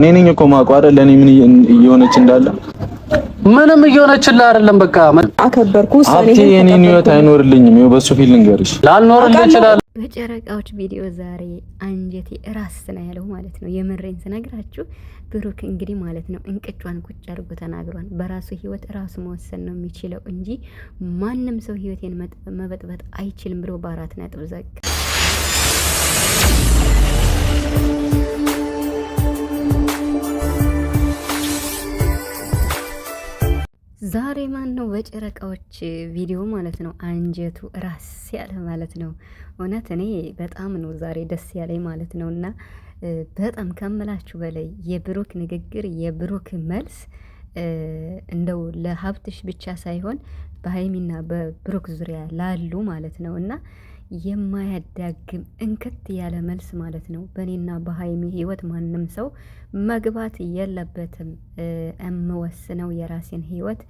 እኔ ነኝ እኮ ማውቀው አይደል? ምን እየሆነች እንዳለ ምንም እየሆነችልህ አይደለም። በቃ አከበርኩ። ሰኔ እኔ ነው አይኖርልኝም። ይኸው በሱ ፊል ልንገርሽ ላልኖርልህ ይችላል። በጨረቃዎች ቪዲዮ ዛሬ አንጀቴ ራስ ነው ያለው ማለት ነው። የምሬን ስነግራችሁ ብሩክ እንግዲህ ማለት ነው እንቅጫን ቁጭ አድርጎ ተናግሯል። በራሱ ህይወት ራሱ መወሰን ነው የሚችለው እንጂ ማንም ሰው ህይወቴን መበጥበጥ አይችልም ብሎ በአራት ነጥብ ዘጋ። ዛሬ ማን ነው በጨረቃዎች ቪዲዮ ማለት ነው አንጀቱ ራስ ያለ ማለት ነው። እውነት እኔ በጣም ነው ዛሬ ደስ ያለኝ ማለት ነው። እና በጣም ከምላችሁ በላይ የብሩክ ንግግር፣ የብሩክ መልስ እንደው ለሀብትሽ ብቻ ሳይሆን በሀይሚና በብሩክ ዙሪያ ላሉ ማለት ነው እና የማያዳግም እንክት ያለ መልስ ማለት ነው። በእኔና በሀይሚ ህይወት ማንም ሰው መግባት የለበትም። እምወስነው የራሴን ህይወት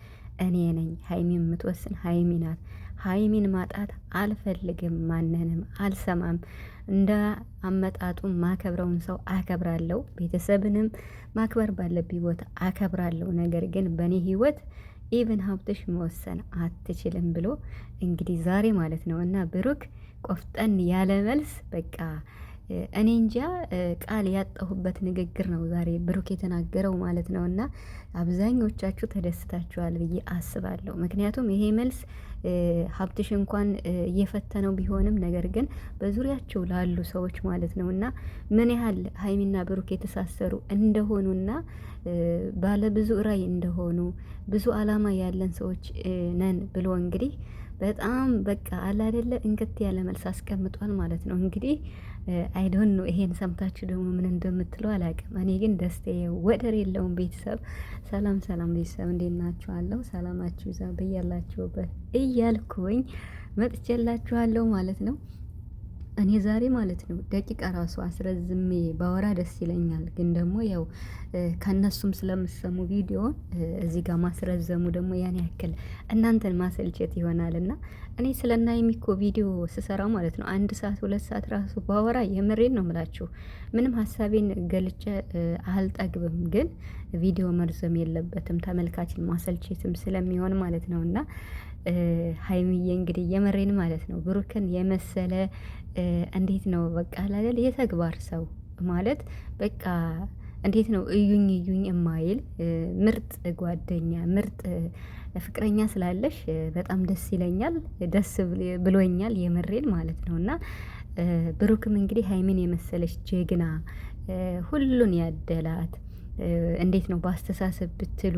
እኔ ነኝ። ሀይሚ የምትወስን ሀይሚ ናት። ሀይሚን ማጣት አልፈልግም። ማንንም አልሰማም። እንደ አመጣጡ ማከብረውን ሰው አከብራለሁ። ቤተሰብንም ማክበር ባለብኝ ቦታ አከብራለሁ። ነገር ግን በእኔ ህይወት ኢቨን ሀብትሽ መወሰን አትችልም ብሎ እንግዲህ ዛሬ ማለት ነው እና ብሩክ ቆፍጠን ያለ መልስ በቃ እኔ እንጃ ቃል ያጣሁበት ንግግር ነው ዛሬ ብሩክ የተናገረው ማለት ነው። እና አብዛኞቻችሁ ተደስታችኋል ብዬ አስባለሁ። ምክንያቱም ይሄ መልስ ሀብትሽ እንኳን እየፈተነው ቢሆንም ነገር ግን በዙሪያቸው ላሉ ሰዎች ማለት ነው እና ምን ያህል ሀይሚና ብሩክ የተሳሰሩ እንደሆኑ ባለ ባለብዙ ራዕይ እንደሆኑ ብዙ አላማ ያለን ሰዎች ነን ብሎ እንግዲህ በጣም በቃ አለ አይደለ እንቅት ያለ መልስ አስቀምጧል ማለት ነው። እንግዲህ አይዶን ነው ይሄን ሰምታችሁ ደግሞ ምን እንደምትለው አላውቅም። እኔ ግን ደስታዬ ወደር የለውም። ቤተሰብ ሰላም ሰላም፣ ቤተሰብ እንዴት ናችኋለሁ? ሰላማችሁ ይብዛ በያላችሁበት እያልኩኝ መጥቼላችኋለሁ ማለት ነው። እኔ ዛሬ ማለት ነው ደቂቃ ራሱ አስረዝሜ ባወራ ደስ ይለኛል፣ ግን ደግሞ ያው ከእነሱም ስለምሰሙ ቪዲዮን እዚህ ጋር ማስረዘሙ ደግሞ ያን ያክል እናንተን ማሰልቸት ይሆናል እና እኔ ስለና የሚኮ ቪዲዮ ስሰራ ማለት ነው አንድ ሰዓት ሁለት ሰዓት ራሱ ባወራ የምሬን ነው ምላችሁ ምንም ሀሳቤን ገልጨ አልጠግብም። ግን ቪዲዮ መርዘም የለበትም ተመልካችን ማሰልቸትም ስለሚሆን ማለት ነው እና ሀይሚዬ እንግዲህ የመሬን ማለት ነው ብሩክን የመሰለ እንዴት ነው በቃ ላለል የተግባር ሰው ማለት በቃ እንዴት ነው እዩኝ እዩኝ የማይል ምርጥ ጓደኛ ምርጥ ፍቅረኛ ስላለሽ በጣም ደስ ይለኛል፣ ደስ ብሎኛል የመሬን ማለት ነው። እና ብሩክም እንግዲህ ሀይሚን የመሰለች ጀግና ሁሉን ያደላት እንዴት ነው በአስተሳሰብ ብትሉ፣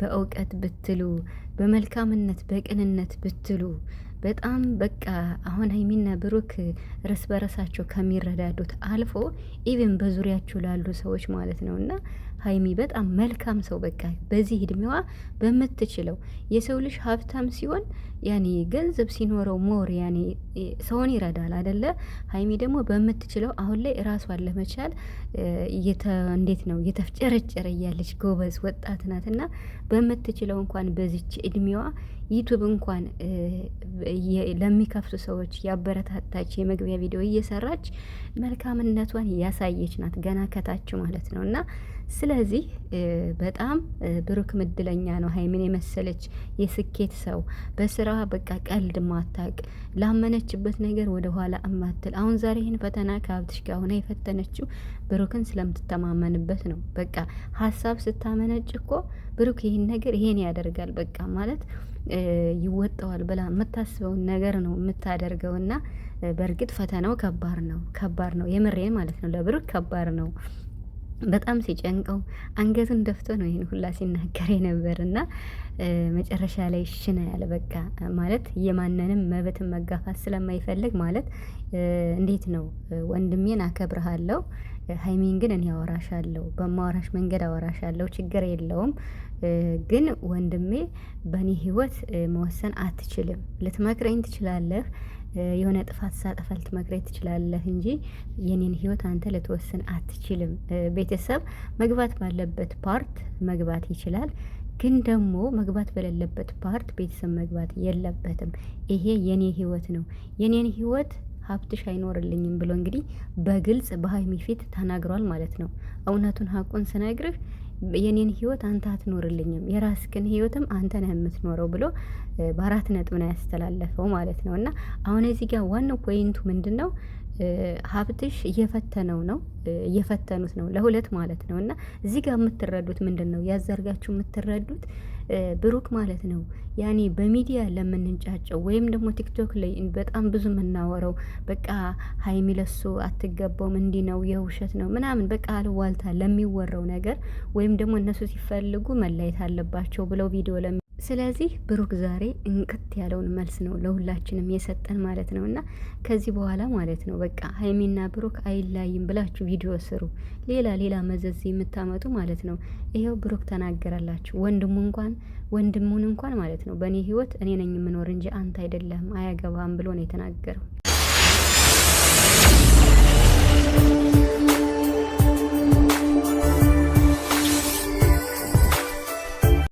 በእውቀት ብትሉ፣ በመልካምነት በቅንነት ብትሉ በጣም በቃ አሁን ሀይሚና ብሩክ እርስ በርሳቸው ከሚረዳዱት አልፎ ኢቨን በዙሪያቸው ላሉ ሰዎች ማለት ነው እና ሀይሚ በጣም መልካም ሰው በቃ በዚህ እድሜዋ በምትችለው የሰው ልጅ ሀብታም ሲሆን ያኔ ገንዘብ ሲኖረው ሞር ያኔ ሰውን ይረዳል አደለ? ሀይሚ ደግሞ በምትችለው አሁን ላይ ራሷን ለመቻል እንዴት ነው እየተፍጨረጨረ እያለች ጎበዝ ወጣት ናት እና በምትችለው እንኳን በዚች እድሜዋ ዩቱብ እንኳን ለሚከፍቱ ሰዎች ያበረታታች የመግቢያ ቪዲዮ እየሰራች መልካምነቷን ያሳየች ናት ገና ከታች ማለት ነው እና ስለዚህ በጣም ብሩክ ምድለኛ ነው። ሀይሚን የመሰለች የስኬት ሰው በስራ በቃ ቀልድ ማታቅ ላመነችበት ነገር ወደ ኋላ እማትል አሁን ዛሬ ይህን ፈተና ከሀብትሽ ጋር ሆና የፈተነችው ብሩክን ስለምትተማመንበት ነው። በቃ ሀሳብ ስታመነጭ እኮ ብሩክ ይህን ነገር ይሄን ያደርጋል በቃ ማለት ይወጣዋል ብላ የምታስበውን ነገር ነው የምታደርገውና በእርግጥ ፈተናው ከባድ ነው። ከባድ ነው የምሬን ማለት ነው። ለብሩክ ከባድ ነው። በጣም ሲጨንቀው አንገቱን ደፍቶ ነው ይህን ሁላ ሲናገር የነበር እና መጨረሻ ላይ ሽነ ያለ በቃ ማለት የማንንም መብትን መጋፋት ስለማይፈልግ ማለት እንዴት ነው ወንድሜን አከብርሃለሁ፣ ሀይሜን ግን እኔ አወራሻለሁ፣ በማወራሽ መንገድ አወራሻለሁ፣ ችግር የለውም ግን ወንድሜ በእኔ ህይወት መወሰን አትችልም፣ ልትመክረኝ ትችላለህ የሆነ ጥፋት ሳጠፋል ትመክሬ ትችላለህ እንጂ የኔን ህይወት አንተ ልትወስን አትችልም። ቤተሰብ መግባት ባለበት ፓርት መግባት ይችላል፣ ግን ደግሞ መግባት በሌለበት ፓርት ቤተሰብ መግባት የለበትም። ይሄ የኔ ህይወት ነው፣ የኔን ህይወት ሀብትሽ አይኖርልኝም ብሎ እንግዲህ በግልጽ በሀይሚ ፊት ተናግሯል ማለት ነው። እውነቱን ሀቁን ስነግርህ የኔን ህይወት አንተ አትኖርልኝም የራስህን ህይወትም አንተ ነህ የምትኖረው ብሎ በአራት ነጥብ ነው ያስተላለፈው ማለት ነው። እና አሁን እዚህ ጋር ዋናው ፖይንቱ ምንድን ነው? ሀብትሽ እየፈተነው ነው እየፈተኑት ነው ለሁለት ማለት ነው። እና እዚህ ጋር የምትረዱት ምንድን ነው ያዘርጋችሁ የምትረዱት ብሩክ ማለት ነው ያኔ በሚዲያ ለምንንጫጨው ወይም ደግሞ ቲክቶክ ላይ በጣም ብዙ የምናወረው በቃ ሀይሚ ለሱ አትገባውም፣ እንዲህ ነው የውሸት ነው ምናምን በቃ አልዋልታ ለሚወራው ነገር ወይም ደግሞ እነሱ ሲፈልጉ መለየት አለባቸው ብለው ቪዲዮ ስለዚህ ብሩክ ዛሬ እንቅት ያለውን መልስ ነው ለሁላችንም የሰጠን ማለት ነው። እና ከዚህ በኋላ ማለት ነው በቃ ሀይሚና ብሩክ አይላይም ብላችሁ ቪዲዮ ስሩ፣ ሌላ ሌላ መዘዝ የምታመጡ ማለት ነው። ይኸው ብሩክ ተናገራላችሁ። ወንድሙ እንኳን ወንድሙን እንኳን ማለት ነው በእኔ ህይወት እኔ ነኝ የምኖር እንጂ አንተ አይደለም አያገባም ብሎ ነው የተናገረው።